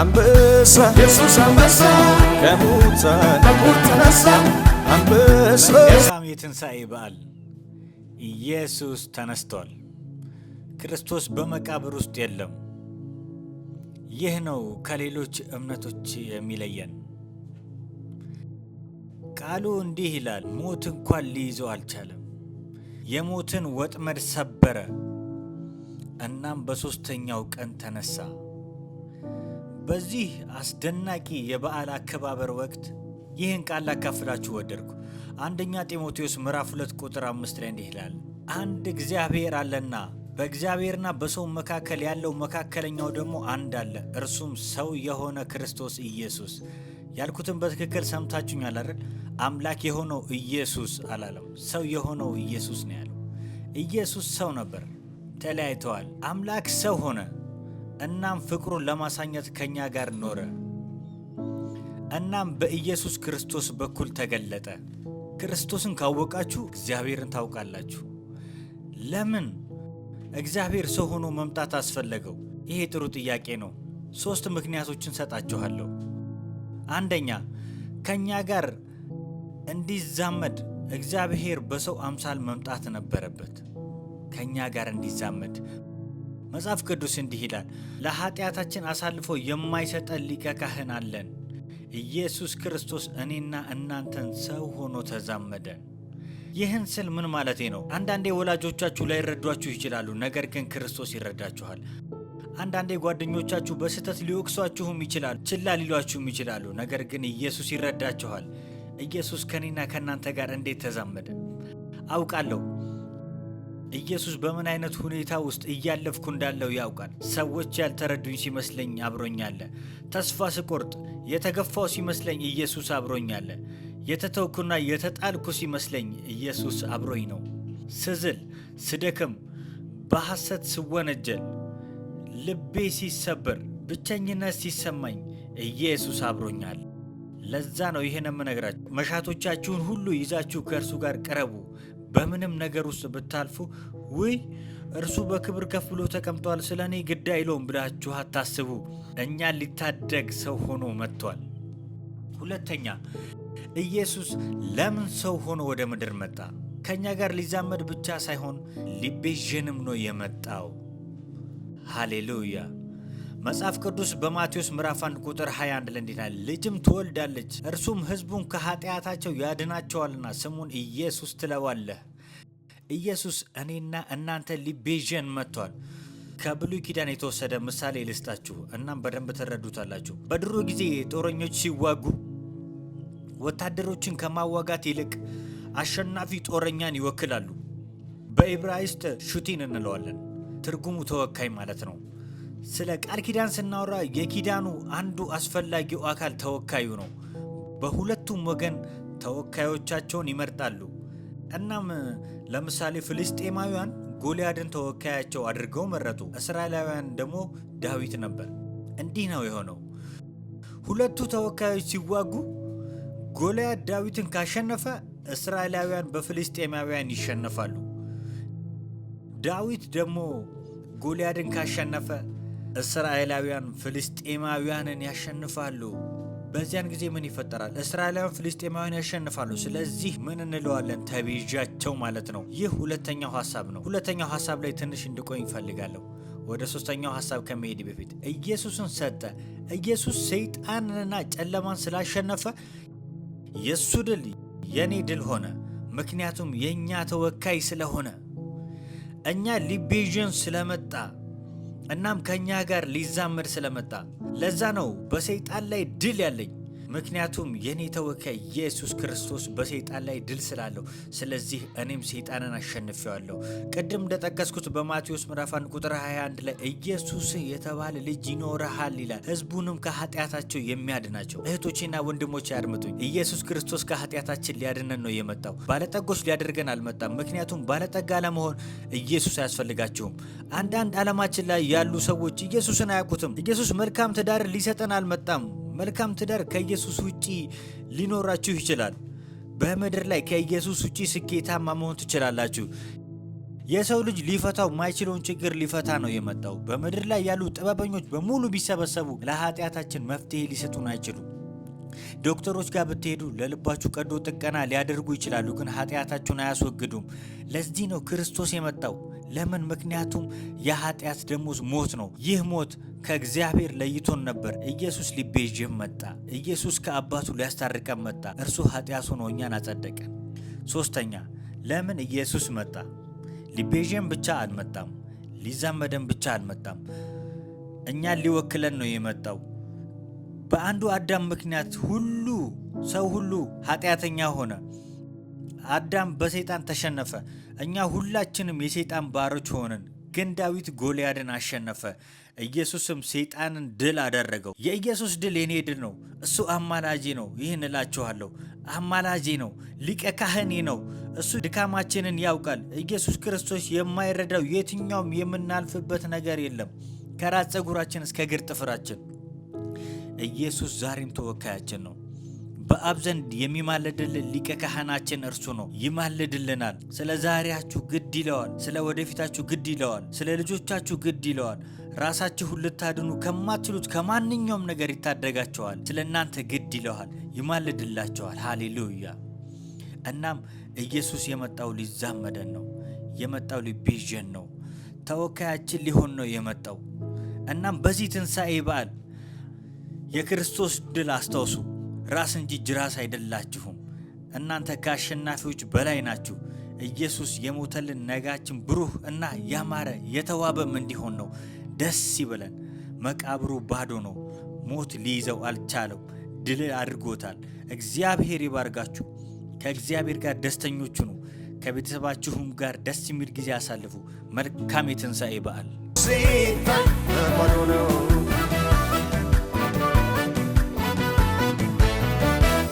አንበሳ ኢየሱስ አንበሳ ከሙታን ተነሳ። አንበሳ የትንሣኤ በዓል ኢየሱስ ተነስቷል። ክርስቶስ በመቃብር ውስጥ የለም። ይህ ነው ከሌሎች እምነቶች የሚለየን። ቃሉ እንዲህ ይላል፣ ሞት እንኳን ሊይዘው አልቻለም። የሞትን ወጥመድ ሰበረ። እናም በሦስተኛው ቀን ተነሳ። በዚህ አስደናቂ የበዓል አከባበር ወቅት ይህን ቃል ላካፍላችሁ ወደድኩ። አንደኛ ጢሞቴዎስ ምዕራፍ 2 ቁጥር አምስት ላይ እንዲህ ይላል፣ አንድ እግዚአብሔር አለና በእግዚአብሔርና በሰው መካከል ያለው መካከለኛው ደግሞ አንድ አለ፣ እርሱም ሰው የሆነ ክርስቶስ ኢየሱስ። ያልኩትን በትክክል ሰምታችሁኛል አይደል? አምላክ የሆነው ኢየሱስ አላለም፣ ሰው የሆነው ኢየሱስ ነው ያለው። ኢየሱስ ሰው ነበር፣ ተለያይተዋል። አምላክ ሰው ሆነ። እናም ፍቅሩን ለማሳኘት ከእኛ ጋር ኖረ። እናም በኢየሱስ ክርስቶስ በኩል ተገለጠ። ክርስቶስን ካወቃችሁ እግዚአብሔርን ታውቃላችሁ። ለምን እግዚአብሔር ሰው ሆኖ መምጣት አስፈለገው? ይሄ ጥሩ ጥያቄ ነው። ሦስት ምክንያቶችን ሰጣችኋለሁ። አንደኛ ከእኛ ጋር እንዲዛመድ እግዚአብሔር በሰው አምሳል መምጣት ነበረበት። ከእኛ ጋር እንዲዛመድ መጽሐፍ ቅዱስ እንዲህ ይላል፣ ለኃጢአታችን አሳልፎ የማይሰጠን ሊቀ ካህን አለን። ኢየሱስ ክርስቶስ እኔና እናንተን ሰው ሆኖ ተዛመደ። ይህን ስል ምን ማለቴ ነው? አንዳንዴ ወላጆቻችሁ ላይረዷችሁ ይችላሉ፣ ነገር ግን ክርስቶስ ይረዳችኋል። አንዳንዴ ጓደኞቻችሁ በስህተት ሊወቅሷችሁም ይችላሉ፣ ችላ ሊሏችሁም ይችላሉ፣ ነገር ግን ኢየሱስ ይረዳችኋል። ኢየሱስ ከኔና ከእናንተ ጋር እንዴት ተዛመደ? አውቃለሁ ኢየሱስ በምን አይነት ሁኔታ ውስጥ እያለፍኩ እንዳለው ያውቃል። ሰዎች ያልተረዱኝ ሲመስለኝ አብሮኛለ። ተስፋ ስቆርጥ የተገፋው ሲመስለኝ ኢየሱስ አብሮኛለ። የተተውኩና የተጣልኩ ሲመስለኝ ኢየሱስ አብሮኝ ነው። ስዝል፣ ስደክም፣ በሐሰት ስወነጀል፣ ልቤ ሲሰበር፣ ብቸኝነት ሲሰማኝ ኢየሱስ አብሮኛል። ለዛ ነው ይህን የምነግራችሁ። መሻቶቻችሁን ሁሉ ይዛችሁ ከእርሱ ጋር ቅረቡ። በምንም ነገር ውስጥ ብታልፉ ውይ እርሱ በክብር ከፍ ብሎ ተቀምጧል፣ ስለ እኔ ግድ አይለውም ብላችሁ አታስቡ። እኛ ሊታደግ ሰው ሆኖ መጥቷል። ሁለተኛ ኢየሱስ ለምን ሰው ሆኖ ወደ ምድር መጣ? ከእኛ ጋር ሊዛመድ ብቻ ሳይሆን ሊቤዥንም ነው የመጣው። ሃሌሉያ መጽሐፍ ቅዱስ በማቴዎስ ምዕራፍ 1 ቁጥር 21 ላይ እንዲህ ይላል፣ ልጅም ትወልዳለች፣ እርሱም ሕዝቡን ከኃጢአታቸው ያድናቸዋልና ስሙን ኢየሱስ ትለዋለህ። ኢየሱስ እኔና እናንተ ሊቤዥን መጥቷል። ከብሉይ ኪዳን የተወሰደ ምሳሌ ልስጣችሁ፣ እናም በደንብ ትረዱታላችሁ። በድሮ ጊዜ ጦረኞች ሲዋጉ ወታደሮችን ከማዋጋት ይልቅ አሸናፊ ጦረኛን ይወክላሉ። በኢብራይስት ሹቲን እንለዋለን። ትርጉሙ ተወካይ ማለት ነው። ስለ ቃል ኪዳን ስናወራ የኪዳኑ አንዱ አስፈላጊው አካል ተወካዩ ነው። በሁለቱም ወገን ተወካዮቻቸውን ይመርጣሉ። እናም ለምሳሌ ፍልስጤማውያን ጎልያድን ተወካያቸው አድርገው መረጡ። እስራኤላውያን ደግሞ ዳዊት ነበር። እንዲህ ነው የሆነው። ሁለቱ ተወካዮች ሲዋጉ ጎልያድ ዳዊትን ካሸነፈ እስራኤላውያን በፍልስጤማውያን ይሸነፋሉ። ዳዊት ደግሞ ጎልያድን ካሸነፈ እስራኤላውያን ፍልስጤማውያንን ያሸንፋሉ። በዚያን ጊዜ ምን ይፈጠራል? እስራኤላውያን ፍልስጤማውያን ያሸንፋሉ። ስለዚህ ምን እንለዋለን? ተቤዣቸው ማለት ነው። ይህ ሁለተኛው ሀሳብ ነው። ሁለተኛው ሀሳብ ላይ ትንሽ እንድቆይ ይፈልጋለሁ። ወደ ሶስተኛው ሀሳብ ከመሄድ በፊት ኢየሱስን ሰጠ። ኢየሱስ ሰይጣንንና ጨለማን ስላሸነፈ የእሱ ድል የኔ ድል ሆነ። ምክንያቱም የእኛ ተወካይ ስለሆነ እኛ ሊቤዥን ስለመጣ እናም ከእኛ ጋር ሊዛመድ ስለመጣ ለዛ ነው በሰይጣን ላይ ድል ያለኝ ምክንያቱም የኔ ተወካይ ኢየሱስ ክርስቶስ በሰይጣን ላይ ድል ስላለው፣ ስለዚህ እኔም ሰይጣንን አሸንፌዋለሁ። ቅድም እንደጠቀስኩት በማቴዎስ ምዕራፍ 1 ቁጥር 21 ላይ ኢየሱስ የተባለ ልጅ ይኖረሃል ይላል፣ ህዝቡንም ከኃጢአታቸው የሚያድናቸው። እህቶቼና ወንድሞች አድምጡኝ። ኢየሱስ ክርስቶስ ከኃጢአታችን ሊያድነን ነው የመጣው። ባለጠጎች ሊያደርገን አልመጣም። ምክንያቱም ባለጠጋ ለመሆን ኢየሱስ አያስፈልጋችሁም። አንዳንድ ዓለማችን ላይ ያሉ ሰዎች ኢየሱስን አያውቁትም። ኢየሱስ መልካም ትዳር ሊሰጠን አልመጣም። መልካም ትዳር ከኢየሱስ ውጪ ሊኖራችሁ ይችላል። በምድር ላይ ከኢየሱስ ውጪ ስኬታማ መሆን ትችላላችሁ። የሰው ልጅ ሊፈታው ማይችለውን ችግር ሊፈታ ነው የመጣው። በምድር ላይ ያሉ ጥበበኞች በሙሉ ቢሰበሰቡ ለኃጢአታችን መፍትሄ ሊሰጡን አይችሉም። ዶክተሮች ጋር ብትሄዱ ለልባችሁ ቀዶ ጥገና ሊያደርጉ ይችላሉ፣ ግን ኃጢአታችሁን አያስወግዱም። ለዚህ ነው ክርስቶስ የመጣው። ለምን? ምክንያቱም የኃጢአት ደሞዝ ሞት ነው። ይህ ሞት ከእግዚአብሔር ለይቶን ነበር። ኢየሱስ ሊቤዥም መጣ። ኢየሱስ ከአባቱ ሊያስታርቀን መጣ። እርሱ ኃጢአት ሆኖ እኛን አጸደቀን። ሶስተኛ ለምን ኢየሱስ መጣ? ሊቤዥም ብቻ አልመጣም፣ ሊዛመደን ብቻ አልመጣም፣ እኛን ሊወክለን ነው የመጣው። በአንዱ አዳም ምክንያት ሁሉ ሰው ሁሉ ኃጢአተኛ ሆነ። አዳም በሰይጣን ተሸነፈ። እኛ ሁላችንም የሰይጣን ባሮች ሆንን። ግን ዳዊት ጎልያድን አሸነፈ። ኢየሱስም ሰይጣንን ድል አደረገው። የኢየሱስ ድል የኔ ድል ነው። እሱ አማላጄ ነው። ይህን እላችኋለሁ፣ አማላጄ ነው፣ ሊቀ ካህኔ ነው። እሱ ድካማችንን ያውቃል። ኢየሱስ ክርስቶስ የማይረዳው የትኛውም የምናልፍበት ነገር የለም፣ ከራስ ፀጉራችን እስከ እግር ጥፍራችን ኢየሱስ ዛሬም ተወካያችን ነው። በአብ ዘንድ የሚማለድልን ሊቀ ካህናችን እርሱ ነው፣ ይማልድልናል። ስለ ዛሬያችሁ ግድ ይለዋል፣ ስለ ወደፊታችሁ ግድ ይለዋል፣ ስለ ልጆቻችሁ ግድ ይለዋል። ራሳችሁን ልታድኑ ከማትችሉት ከማንኛውም ነገር ይታደጋቸዋል። ስለ እናንተ ግድ ይለዋል፣ ይማልድላቸዋል። ሃሌሉያ። እናም ኢየሱስ የመጣው ሊዛመደን ነው፣ የመጣው ሊቤዥን ነው፣ ተወካያችን ሊሆን ነው የመጣው። እናም በዚህ ትንሣኤ በዓል የክርስቶስ ድል አስታውሱ። ራስ እንጂ ጅራስ አይደላችሁም። እናንተ ከአሸናፊዎች በላይ ናችሁ። ኢየሱስ የሞተልን ነጋችን ብሩህ እና ያማረ የተዋበም እንዲሆን ነው። ደስ ይበለን። መቃብሩ ባዶ ነው። ሞት ሊይዘው አልቻለው። ድል አድርጎታል። እግዚአብሔር ይባርጋችሁ። ከእግዚአብሔር ጋር ደስተኞች ሁኑ። ከቤተሰባችሁም ጋር ደስ የሚል ጊዜ አሳልፉ። መልካም የትንሣኤ በዓል